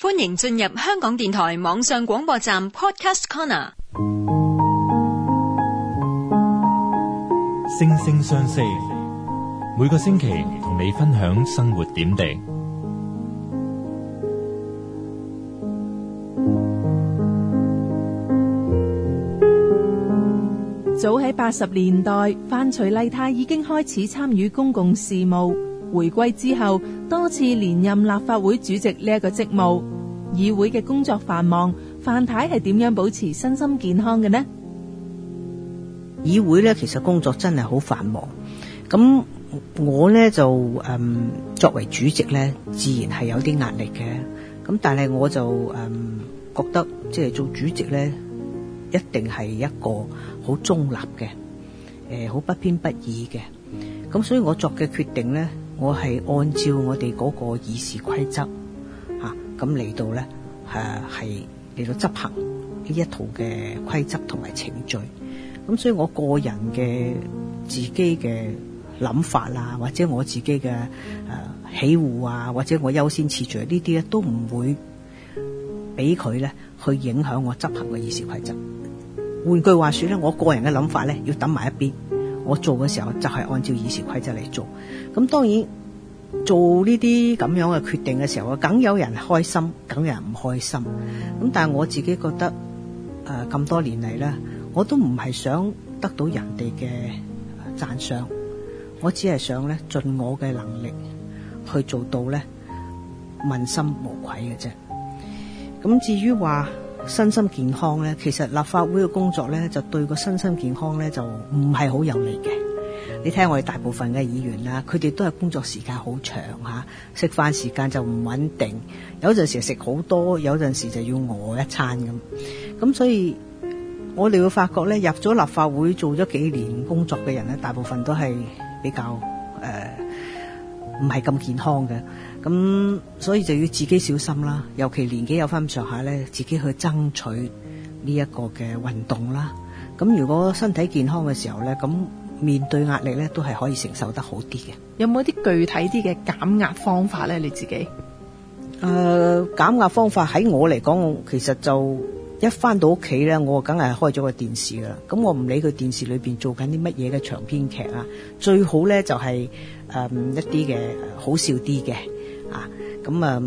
歡迎進入香港電台網上廣播站 Podcast Corner。星聲相識，每個星期同你分享生活點滴。早喺八十年代，范徐麗泰已經開始參與公共事務。回歸之後,多次連任立法會主席呢一個職務。議會嘅工作繁忙,范太係點樣保持身心健康嘅呢?議會呢,其實工作真係好繁忙。咁,我呢,就,呃,作為主席呢,自然係有啲壓力嘅。咁,但係我就,呃,覺得,即係做主席呢,一定係一個好中立嘅,呃,好不偏不倚嘅。咁,所以我作嘅決定呢,我係按照我哋嗰個議事規則，吓咁嚟到咧，誒係嚟到執行呢一套嘅規則同埋程序。咁所以我個人嘅自己嘅諗法啊，或者我自己嘅誒喜好啊，或者我優先次序呢啲咧，都唔會俾佢咧去影響我執行嘅議事規則。換句話說咧，我個人嘅諗法咧，要抌埋一邊。我做嘅時候就係按照以前規則嚟做，咁當然做呢啲咁樣嘅決定嘅時候，梗有人開心，梗有人唔開心。咁但係我自己覺得，誒、呃、咁多年嚟咧，我都唔係想得到人哋嘅讚賞，我只係想咧盡我嘅能力去做到咧問心無愧嘅啫。咁至於話。身心健康咧，其實立法會嘅工作咧，就對個身心健康咧就唔係好有利嘅。你睇下我哋大部分嘅議員啦，佢哋都係工作時間好長嚇，食飯時間就唔穩定，有陣時食好多，有陣時就要餓一餐咁。咁所以，我哋會發覺咧，入咗立法會做咗幾年工作嘅人咧，大部分都係比較誒。呃唔係咁健康嘅，咁所以就要自己小心啦。尤其年紀有翻咁上下咧，自己去爭取呢一個嘅運動啦。咁如果身體健康嘅時候咧，咁面對壓力咧都係可以承受得好啲嘅。有冇一啲具體啲嘅減壓方法咧？你自己？誒、呃，減壓方法喺我嚟講，我其實就。一返到屋企咧，我梗係開咗個電視噶啦。咁我唔理佢電視裏邊做緊啲乜嘢嘅長篇劇啊，最好咧就係、是、誒、嗯、一啲嘅好笑啲嘅啊。咁、嗯、啊，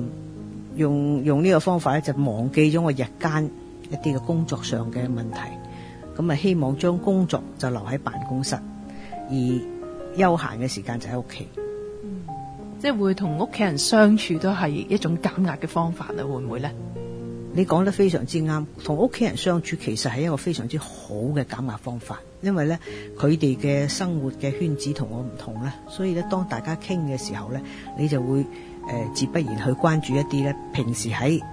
用用呢個方法咧，就忘記咗我日間一啲嘅工作上嘅問題。咁啊，希望將工作就留喺辦公室，而休閒嘅時間就喺屋企。即係會同屋企人相處都係一種減壓嘅方法啦，會唔會咧？你講得非常之啱，同屋企人相處其實係一個非常之好嘅減壓方法，因為呢，佢哋嘅生活嘅圈子同我唔同呢，所以呢，當大家傾嘅時候呢，你就會誒、呃、自不然去關注一啲呢，平時喺誒、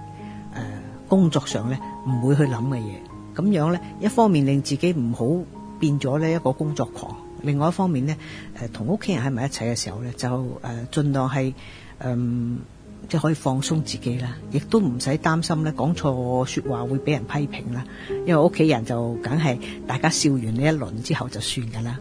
呃、工作上呢唔會去諗嘅嘢，咁樣呢，一方面令自己唔好變咗呢一個工作狂，另外一方面呢，同屋企人喺埋一齊嘅時候呢，就誒、呃、盡量係嗯。呃即可以放鬆自己啦，亦都唔使擔心咧，講錯說話會俾人批評啦。因為屋企人就梗係大家笑完呢一輪之後就算噶啦。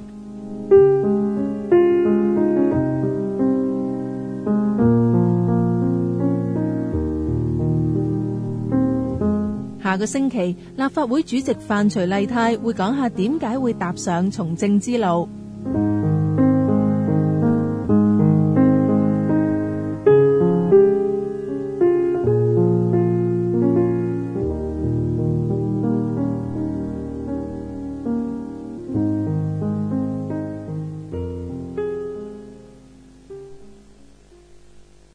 下個星期，立法會主席范徐麗泰會講下點解會踏上從政之路。